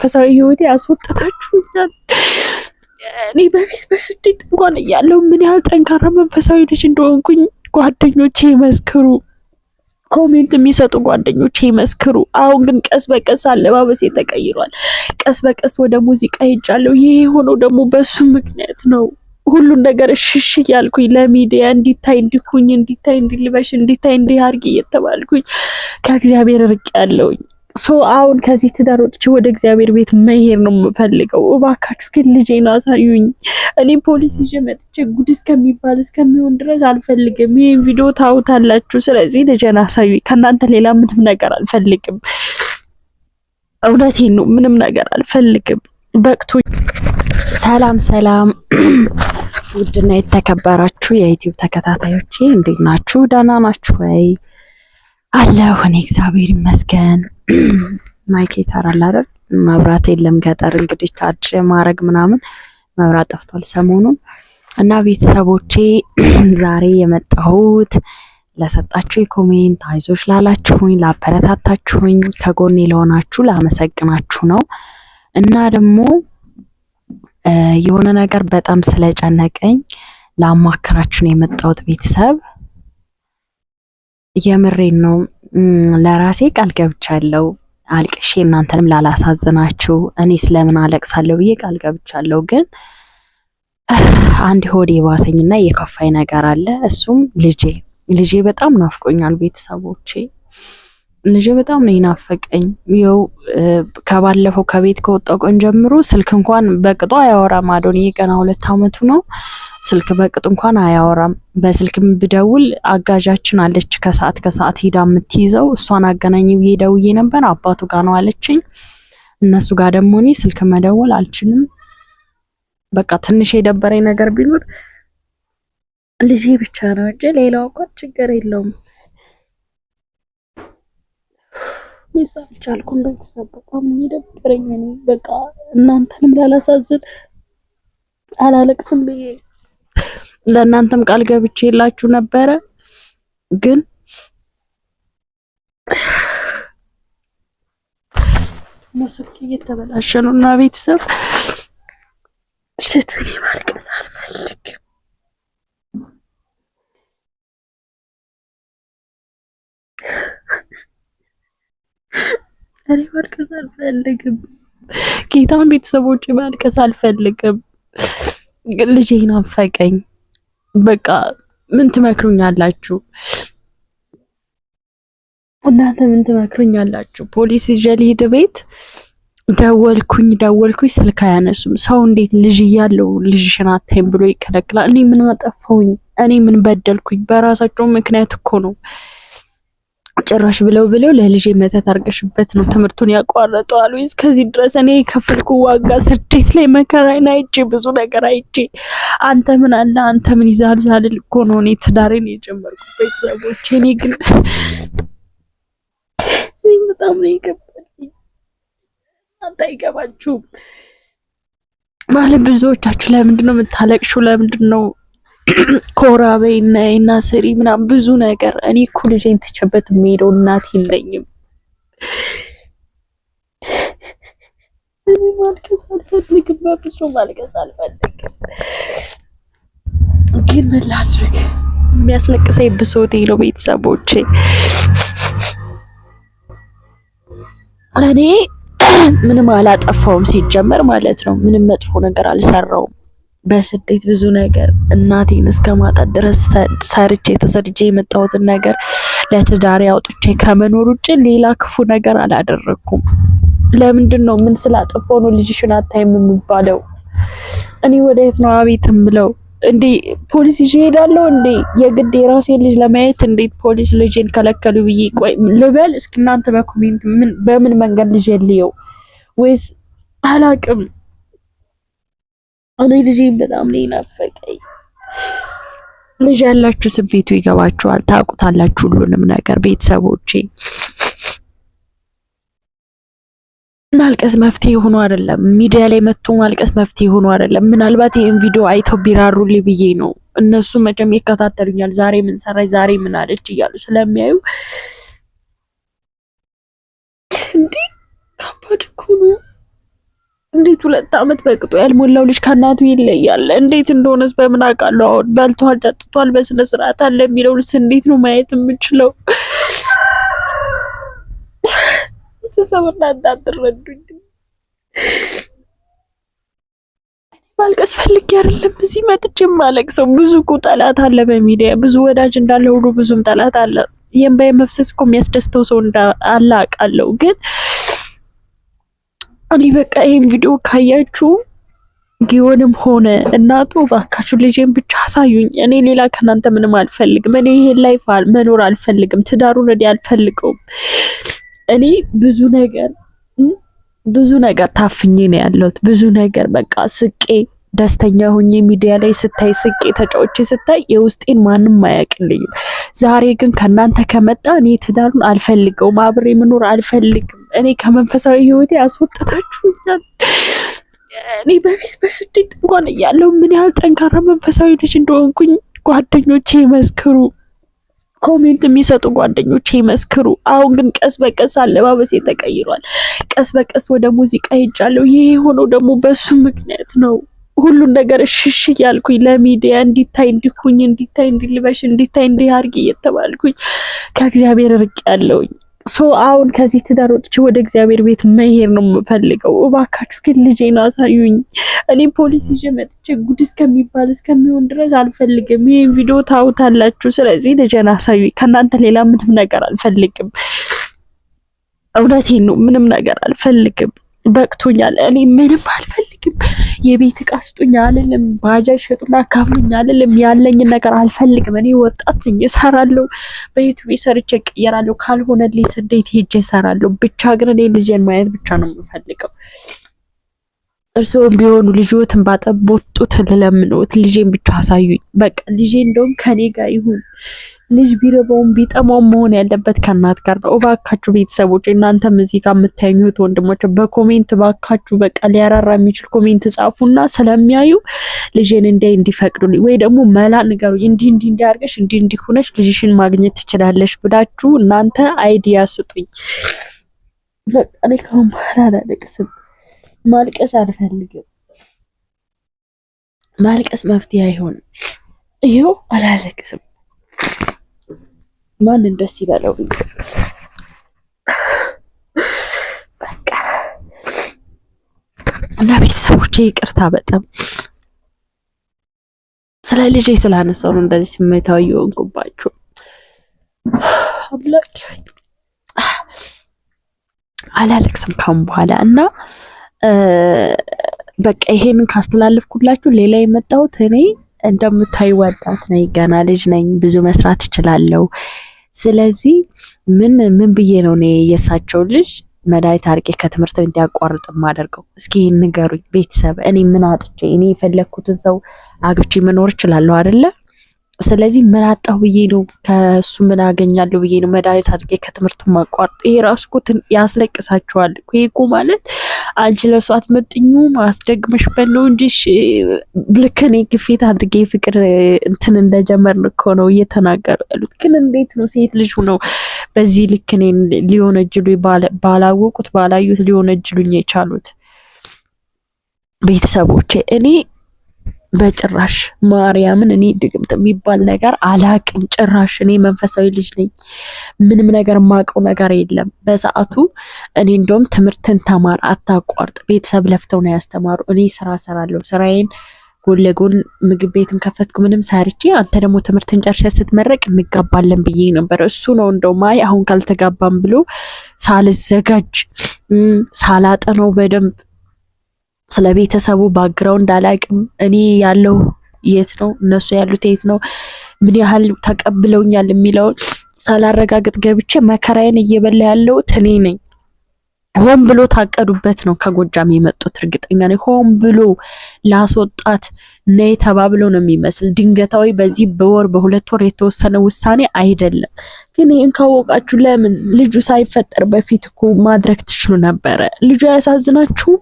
መንፈሳዊ ህይወቴ ያስወጣታችሁኛል። እኔ በፊት በስደት እንኳን እያለሁ ምን ያህል ጠንካራ መንፈሳዊ ልጅ እንደሆንኩኝ ጓደኞቼ ይመስክሩ፣ ኮሜንት የሚሰጡ ጓደኞቼ ይመስክሩ። አሁን ግን ቀስ በቀስ አለባበሴ ተቀይሯል። ቀስ በቀስ ወደ ሙዚቃ ሄጃለሁ። ይህ የሆነው ደግሞ በሱ ምክንያት ነው። ሁሉን ነገር ሽሽ እያልኩኝ ለሚዲያ እንዲታይ እንዲኩኝ እንዲታይ እንዲልበሽ እንዲታይ እንዲህ አድርጊ እየተባልኩኝ ከእግዚአብሔር ርቅ ያለውኝ ሶ አሁን ከዚህ ትዳር ወጥቼ ወደ እግዚአብሔር ቤት መሄድ ነው የምፈልገው። እባካችሁ ግን ልጄን አሳዩኝ። እኔ ፖሊስ ይዤ መጥቼ ጉድ እስከሚባል እስከሚሆን ድረስ አልፈልግም። ይህ ቪዲዮ ታውታላችሁ። ስለዚህ ልጄን አሳዩኝ። ከእናንተ ሌላ ምንም ነገር አልፈልግም። እውነቴን ነው። ምንም ነገር አልፈልግም። በቅቶ ሰላም ሰላም ውድና የተከበራችሁ የዩቲዩብ ተከታታዮቼ እንዴት ናችሁ? ደህና ናችሁ ወይ? አለሁ እኔ እግዚአብሔር ይመስገን። ማይክ ይሰራል አይደል? መብራት የለም ገጠር እንግዲህ ታጭ ማድረግ ምናምን መብራት ጠፍቷል ሰሞኑን እና ቤተሰቦቼ ዛሬ የመጣሁት ለሰጣችሁ ኮሜንት፣ አይዞች ላላችሁኝ፣ ላበረታታችሁኝ፣ ከጎኔ ለሆናችሁ ላመሰግናችሁ ነው እና ደግሞ የሆነ ነገር በጣም ስለጨነቀኝ ላማከራችሁ ነው የመጣሁት ቤተሰብ የምሬን ነው ለራሴ ቃል ገብቻለሁ አልቅሼ እናንተንም ላላሳዝናችሁ እኔ ስለምን አለቅሳለሁ ብዬ ቃል ገብቻለሁ። ግን አንድ ሆድ የባሰኝና የከፋኝ ነገር አለ። እሱም ልጄ ልጄ በጣም ናፍቆኛል ቤተሰቦቼ ልጅ በጣም ነው ይናፈቀኝ። ይኸው ከባለፈው ከቤት ከወጣው ቀን ጀምሮ ስልክ እንኳን በቅጡ አያወራም። አዶን ገና ሁለት አመቱ ነው። ስልክ በቅጡ እንኳን አያወራም። በስልክም ብደውል አጋዣችን አለች ከሰዓት ከሰዓት ሂዳ የምትይዘው እሷን አገናኝ ብዬ ደውዬ ነበር። አባቱ ጋር ነው አለችኝ። እነሱ ጋር ደግሞ እኔ ስልክ መደወል አልችልም። በቃ ትንሽ የደበረኝ ነገር ቢኖር ልጄ ብቻ ነው እንጂ ሌላው እንኳን ችግር የለውም። ሊሳ አልቻልኩም። ቤተሰብ በጣም የሚደብረኝ እኔ በቃ እናንተንም ላላሳዝን አላለቅስም ብዬ ለእናንተም ቃል ገብቼ የላችሁ ነበረ ግን ስልክ እየተበላሸ ነው እና ቤተሰብ ሽትን ማልቀስ አልፈልግም። እኔ ማልቀስ አልፈልግም። ጌታን ቤተሰቦች ማልቀስ አልፈልግም። ልጄ ናፈቀኝ። በቃ ምን ትመክሩኛላችሁ? እናንተ ምን ትመክሩኛላችሁ? ፖሊስ ይዤ ልሂድ ቤት? ደወልኩኝ ደወልኩኝ፣ ስልክ አያነሱም። ሰው እንዴት ልጅ እያለው ልጅሽን አታይም ብሎ ይከለክላል? እኔ ምን አጠፋሁኝ? እኔ ምን በደልኩኝ? በራሳቸው ምክንያት እኮ ነው ጭራሽ ብለው ብለው ለልጄ መተት አርገሽበት ነው ትምህርቱን ያቋረጠው አሉ። እስከዚህ ድረስ እኔ የከፈልኩ ዋጋ ስደት ላይ መከራዬን አይቼ ብዙ ነገር አይቼ፣ አንተ ምን አለ አንተ ምን ይዛል ዛልል እኮ ነው እኔ ትዳሬን የጀመርኩ። ቤተሰቦቼ እኔ ግን በጣም ነው የገባኝ። አንተ አይገባችሁም ማለት ብዙዎቻችሁ ለምንድን ነው የምታለቅሹ? ለምንድን ነው ኮራ በይና እና ስሪ ምናምን ብዙ ነገር። እኔ እኮ ልጄን ትቼበት የሚሄደው እናት የለኝም። እኔ ማልቀስ አልፈልግም፣ በብዙ ማልቀስ አልፈልግም። ግን ምን ላድርግ? የሚያስለቅሰኝ ብሶቴ ነው። ቤተሰቦቼ እኔ ምንም አላጠፋውም ሲጀመር ማለት ነው። ምንም መጥፎ ነገር አልሰራውም። በስደት ብዙ ነገር እናቴን እስከ ማጣት ድረስ ሰርቼ ተሰድጄ የመጣሁትን ነገር ለትዳሬ አውጥቼ ከመኖር ውጭ ሌላ ክፉ ነገር አላደረግኩም። ለምንድን ነው ምን ስላጠፋው ነው ልጅሽን አታይም የሚባለው? እኔ ወደ የት ነው አቤት የምለው? እንዴ ፖሊስ ይዤ እሄዳለሁ እንዴ? የግድ የራሴን ልጅ ለማየት እንዴት ፖሊስ ልጅን ከለከሉ ብዬ ቆይ ልበል? እስኪ እናንተ በኮሜንት በምን መንገድ ልጅ ልየው ወይስ አላቅም እኔ ልጄን በጣም ነው የናፈቀኝ። ልጅ ያላችሁ ስሜቱ ይገባችኋል፣ ታውቁታላችሁ ሁሉንም ነገር ቤተሰቦቼ። ማልቀስ መፍትሄ ሆኖ አይደለም፣ ሚዲያ ላይ መጥቶ ማልቀስ መፍትሄ ሆኖ አይደለም። ምናልባት ይህን ቪዲዮ አይተው ቢራሩልኝ ብዬ ነው። እነሱ መቼም ይከታተሉኛል፣ ዛሬ ምን ሰራች፣ ዛሬ ምን አለች እያሉ ስለሚያዩ እንዲህ ሁለት ዓመት በቅጡ ያልሞላው ልጅ ከእናቱ ይለያል። እንዴት እንደሆነስ በምን አውቃለሁ? አሁን በልቷል፣ ጠጥቷል፣ በስነ ስርዓት አለ የሚለው ልስ እንዴት ነው ማየት የምችለው? ቤተሰብ እናንተ አትረዱኝ። ማልቀስ ፈልጌ አይደለም እዚህ መጥቼ ሰው ብዙ እኮ ጠላት አለ በሚዲያ ብዙ ወዳጅ እንዳለ ሁሉ ብዙም ጠላት አለ። የእምባዬ መፍሰስ እኮ የሚያስደስተው ሰው እንዳለ አውቃለሁ ግን እኔ በቃ ይህን ቪዲዮ ካያችሁ ጊዮንም ሆነ እናቱ ባካችሁ ልጄን ብቻ አሳዩኝ። እኔ ሌላ ከእናንተ ምንም አልፈልግም። እኔ ይሄን ላይፍ መኖር አልፈልግም። ትዳሩን እኔ አልፈልገውም። እኔ ብዙ ነገር ብዙ ነገር ታፍኜ ነው ያለሁት። ብዙ ነገር በቃ ስቄ ደስተኛ ሆኜ ሚዲያ ላይ ስታይ ስቄ ተጫዎቼ ስታይ የውስጤን ማንም አያውቅልኝም። ዛሬ ግን ከእናንተ ከመጣ እኔ ትዳሩን አልፈልገውም፣ አብሬ መኖር አልፈልግም። እኔ ከመንፈሳዊ ሕይወቴ አስወጣታችሁኛል። እኔ በፊት በስደት እንኳን እያለሁ ምን ያህል ጠንካራ መንፈሳዊ ልጅ እንደሆንኩኝ ጓደኞቼ ይመስክሩ፣ ኮሜንት የሚሰጡ ጓደኞቼ ይመስክሩ። አሁን ግን ቀስ በቀስ አለባበሴ ተቀይሯል። ቀስ በቀስ ወደ ሙዚቃ ሄጃለሁ። ይሄ የሆነው ደግሞ በሱ ምክንያት ነው። ሁሉን ነገር እሽሽ እያልኩኝ ለሚዲያ እንዲታይ እንዲኩኝ እንዲታይ እንዲልበሽ እንዲታይ እንዲህ አድርጊ እየተባልኩኝ ከእግዚአብሔር ርቅ ያለውኝ ሶ አሁን ከዚህ ትዳር ወጥቼ ወደ እግዚአብሔር ቤት መሄድ ነው የምፈልገው። እባካችሁ ግን ልጄን አሳዩኝ። እኔ ፖሊስ ይዤ መጥቼ ጉድ እስከሚባል እስከሚሆን ድረስ አልፈልግም። ይህን ቪዲዮ ታውታላችሁ። ስለዚህ ልጄን አሳዩኝ። ከእናንተ ሌላ ምንም ነገር አልፈልግም። እውነቴን ነው። ምንም ነገር አልፈልግም። በቅቶኛል። እኔ ምንም አልፈልግም። የቤት እቃ ስጡኝ አልልም። ባጃጅ ሸጡና አካፍሉኝ አልልም። ያለኝን ነገር አልፈልግም። እኔ ወጣት ነኝ፣ እሰራለሁ። በዩቱብ ሰርቼ እቀየራለሁ። ካልሆነልኝ ስደት ሄጄ እሰራለሁ። ብቻ ግን እኔ ልጄን ማየት ብቻ ነው የምፈልገው። እርስዎም ቢሆኑ ልጅዎትን ባጠቦት ጡት ልለምኖት ልጄን ብቻ አሳዩኝ፣ በቃ ልጄ እንደውም ከኔ ጋር ይሁን። ልጅ ቢረባውም ቢጠማው መሆን ያለበት ከእናት ጋር ነው። እባካችሁ ቤተሰቦች፣ እናንተም እዚህ ጋር የምታኙት ወንድሞች በኮሜንት እባካችሁ በቃ ሊያራራ የሚችል ኮሜንት ጻፉና ስለሚያዩ ልጄን እንዲያይ እንዲፈቅዱልኝ ወይ ደግሞ መላ ንገሩ እንዲህ እንዲህ እንዲያርገሽ አድርገሽ እንዲህ እንዲህ ሆነሽ ልጅሽን ማግኘት ትችላለሽ ብላችሁ እናንተ አይዲያ ስጡኝ። በቃ እኔ ከአሁን በኋላ አላለቅስም። ማልቀስ አልፈልግም። ማልቀስ መፍትሄ አይሆንም። ይኸው አላለቅስም። ማንን ደስ ይበለው? በቃ እና ቤተሰቦቼ ይቅርታ በጣም ስለ ልጄ ስላነሳው ነው እንደዚህ ስሜታዊ የሆንኩባቸው። አምላክ አላለቅስም ካሁን በኋላ እና በቃ ይሄንን ካስተላለፍኩላችሁ ሌላ የመጣሁት እኔ እንደምታይ ወጣት ነኝ፣ ገና ልጅ ነኝ፣ ብዙ መስራት እችላለሁ። ስለዚህ ምን ምን ብዬ ነው እኔ የእሳቸው ልጅ መድኃኒት አርቄ ከትምህርት እንዲያቋርጥ ማደርገው? እስኪ ንገሩኝ ቤተሰብ። እኔ ምን አጥቼ እኔ የፈለግኩትን ሰው አግብቼ መኖር እችላለሁ አይደለ? ስለዚህ ምን አጣሁ ብዬ ነው ከእሱ ምን አገኛለሁ ብዬ ነው መድኃኒት አድርጌ ከትምህርት ማቋርጥ? ይሄ ራሱ እኮ ያስለቅሳቸዋል። ይሄ እኮ ማለት አንቺ ለእሱ አትመጥኙም አስደግመሽበት ነው እንጂ ልክ እኔ ግፊት አድርጌ ፍቅር እንትን እንደጀመር እኮ ነው እየተናገሩ ያሉት። ግን እንዴት ነው ሴት ልጅ ነው በዚህ ልክ እኔን ሊሆነጅሉ ባላወቁት ባላዩት ሊወነጅሉኝ የቻሉት ቤተሰቦቼ እኔ በጭራሽ ማርያምን፣ እኔ ድግምት የሚባል ነገር አላቅም። ጭራሽ እኔ መንፈሳዊ ልጅ ነኝ። ምንም ነገር ማቀው ነገር የለም። በሰዓቱ እኔ እንደውም ትምህርትን ተማር፣ አታቋርጥ። ቤተሰብ ለፍተው ነው ያስተማሩ። እኔ ስራ ሰራለሁ። ስራዬን ጎን ለጎን ምግብ ቤትን ከፈትኩ፣ ምንም ሳርቼ፣ አንተ ደግሞ ትምህርትን ጨርሰ ስትመረቅ እንጋባለን ብዬ ነበር። እሱ ነው እንደውም አይ አሁን ካልተጋባም ብሎ ሳልዘጋጅ ሳላጠነው በደንብ ስለ ቤተሰቡ ባግራውንድ አላቅም። እኔ ያለው የት ነው፣ እነሱ ያሉት የት ነው፣ ምን ያህል ተቀብለውኛል የሚለውን ሳላረጋግጥ ገብቼ መከራዬን እየበላ ያለሁት እኔ ነኝ። ሆን ብሎ ታቀዱበት ነው ከጎጃም የመጡት። እርግጠኛ ነኝ ሆን ብሎ ላስወጣት ነይ ተባብሎ ነው የሚመስል። ድንገታዊ በዚህ በወር በሁለት ወር የተወሰነ ውሳኔ አይደለም። ግን ይህን ካወቃችሁ ለምን ልጁ ሳይፈጠር በፊት እኮ ማድረግ ትችሉ ነበረ። ልጁ አያሳዝናችሁም?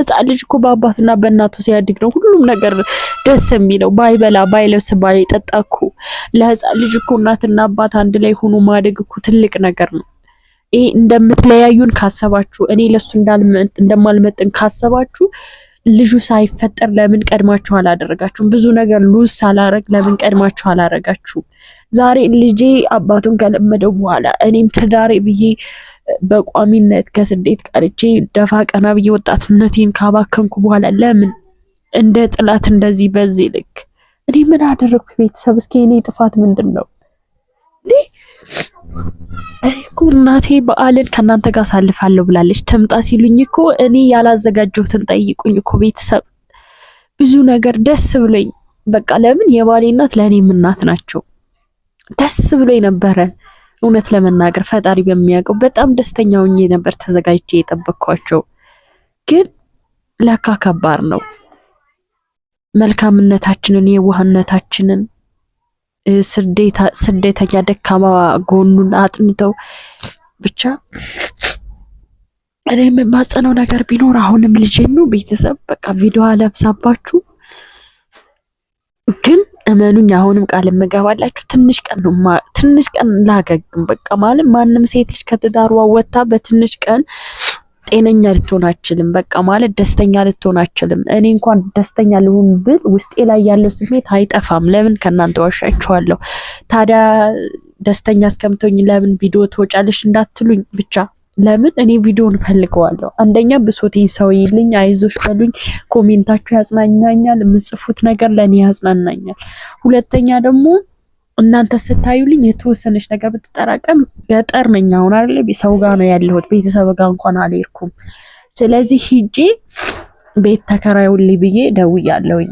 ህፃን ልጅ እኮ በአባትና በእናቱ ሲያድግ ነው ሁሉም ነገር ደስ የሚለው። ባይበላ ባይለብስ ባይጠጣ እኮ ለህፃን ልጅ እኮ እናትና አባት አንድ ላይ ሆኖ ማደግ እኮ ትልቅ ነገር ነው። ይሄ እንደምትለያዩን ካሰባችሁ፣ እኔ ለሱ እንደማልመጥን ካሰባችሁ ልጁ ሳይፈጠር ለምን ቀድማችሁ አላደረጋችሁም? ብዙ ነገር ሉዝ ሳላረግ ለምን ቀድማችሁ አላደረጋችሁም? ዛሬ ልጄ አባቱን ከለመደው በኋላ እኔም ትዳሬ ብዬ በቋሚነት ከስደት ቀርቼ ደፋ ቀና ብዬ ወጣትነቴን ካባከንኩ በኋላ ለምን እንደ ጥላት እንደዚህ በዚህ ልክ እኔ ምን አደረግኩ? ቤተሰብ እስኪ እኔ ጥፋት ምንድን ነው? እኔ እኮ እናቴ በዓልን ከእናንተ ጋር አሳልፋለሁ ብላለች። ትምጣ ሲሉኝ እኮ እኔ ያላዘጋጀሁትን ጠይቁኝ እኮ ቤተሰብ። ብዙ ነገር ደስ ብሎኝ በቃ ለምን የባሌ እናት ለእኔም እናት ናቸው። ደስ ብሎኝ ነበረ እውነት ለመናገር ፈጣሪ በሚያውቀው በጣም ደስተኛ ሆኜ ነበር ተዘጋጅቼ የጠበቅኳቸው። ግን ለካ ከባድ ነው። መልካምነታችንን፣ የዋህነታችንን፣ ስደተኛ ደካማ ጎኑን አጥንተው ብቻ እኔ የምማጸነው ነገር ቢኖር አሁንም ልጄ ነው። ቤተሰብ በቃ ቪዲዮ አለብሳባችሁ ግን እመኑኝ አሁንም ቃል የምገባላችሁ ትንሽ ቀን ትንሽ ቀን ላገግም። በቃ ማለት ማንም ሴት ልጅ ከትዳሯ ወጥታ በትንሽ ቀን ጤነኛ ልትሆን አችልም። በቃ ማለት ደስተኛ ልትሆን አችልም። እኔ እንኳን ደስተኛ ልሁን ብል ውስጤ ላይ ያለው ስሜት አይጠፋም። ለምን ከእናንተ ዋሻችኋለሁ። ታዲያ ደስተኛ እስከምትሆኝ ለምን ቪዲዮ ትወጫለሽ እንዳትሉኝ ብቻ ለምን እኔ ቪዲዮን ፈልገዋለሁ። አንደኛ ብሶቴን ሰው ይልኝ፣ አይዞሽ በሉኝ፣ ኮሜንታችሁ ያጽናናኛል፣ የምጽፉት ነገር ለእኔ ያጽናናኛል። ሁለተኛ ደግሞ እናንተ ስታዩልኝ የተወሰነች ነገር ብትጠራቀም ገጠር ነኝ አሁን አይደለ ሰው ጋር ነው ያለሁት፣ ቤተሰብ ጋር እንኳን አልሄድኩም። ስለዚህ ሂጄ ቤት ተከራዩልኝ ብዬ ደውያለሁኝ።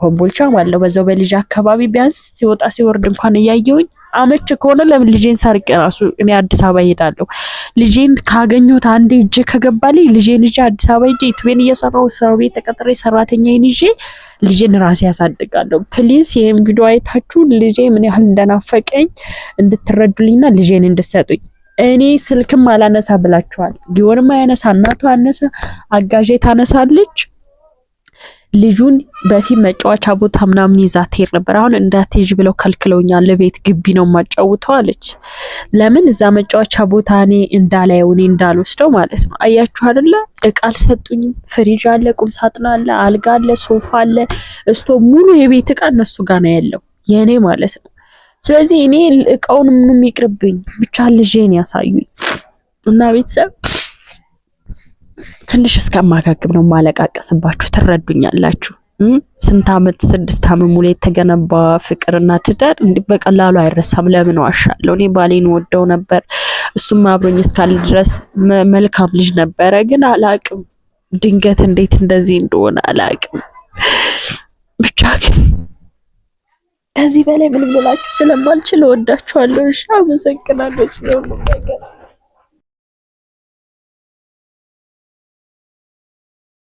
ኮምቦልቻ አለው በዛው በልጅ አካባቢ ቢያንስ ሲወጣ ሲወርድ እንኳን እያየውኝ አመች ከሆነ ለምን ልጄን ሰርቄ ራሱ እኔ አዲስ አበባ እሄዳለሁ። ልጄን ካገኘሁት አንዴ እጄ ከገባልኝ ልጄን ይዤ አዲስ አበባ ሂጄ ኢትዮጵያን እየሰራው ሰው ቤት ተቀጥሬ ሰራተኛዬን ይዤ ልጄን ራሴ ያሳድጋለሁ። ፕሊዝ ይሄን ቪዲዮ አይታችሁ ልጄ ምን ያህል እንደናፈቀኝ እንድትረዱልኝና ልጄን እንድትሰጡኝ እኔ ስልክም አላነሳ ብላችኋል። ጊዮንም አያነሳ፣ እናቱ አነሳ፣ አጋዤ ታነሳለች። ልጁን በፊት መጫወቻ ቦታ ምናምን ይዛ ትሄድ ነበር። አሁን እንዳትሄጂ ብለው ከልክለውኛል፣ ለቤት ግቢ ነው የማጫውተው አለች። ለምን እዛ መጫወቻ ቦታ እኔ እንዳላየው እኔ እንዳልወስደው ማለት ነው። አያችሁ አይደለ? እቃ አልሰጡኝም። ፍሪጅ አለ፣ ቁም ሳጥን አለ፣ አልጋ አለ፣ ሶፋ አለ፣ እስቶ ሙሉ የቤት እቃ እነሱ ጋር ነው ያለው የእኔ ማለት ነው። ስለዚህ እኔ እቃውን ምንም ይቅርብኝ፣ ብቻ ልጄን ያሳዩኝ እና ቤተሰብ ትንሽ እስከማካክብ ነው ማለቃቀስባችሁ። ትረዱኛላችሁ። ስንት አመት ስድስት አመት ሙሉ የተገነባ ፍቅርና ትዳር እንዲህ በቀላሉ አይረሳም። ለምን ዋሻለሁ? እኔ ባሌን ወደው ነበር። እሱም አብሮኝ እስካለ ድረስ መልካም ልጅ ነበረ። ግን አላቅም፣ ድንገት እንዴት እንደዚህ እንደሆነ አላቅም። ብቻ ግን ከዚህ በላይ ምን ብላችሁ ስለማልችል እወዳችኋለሁ። እሺ፣ አመሰግናለሁ። ስለሆነ ነገር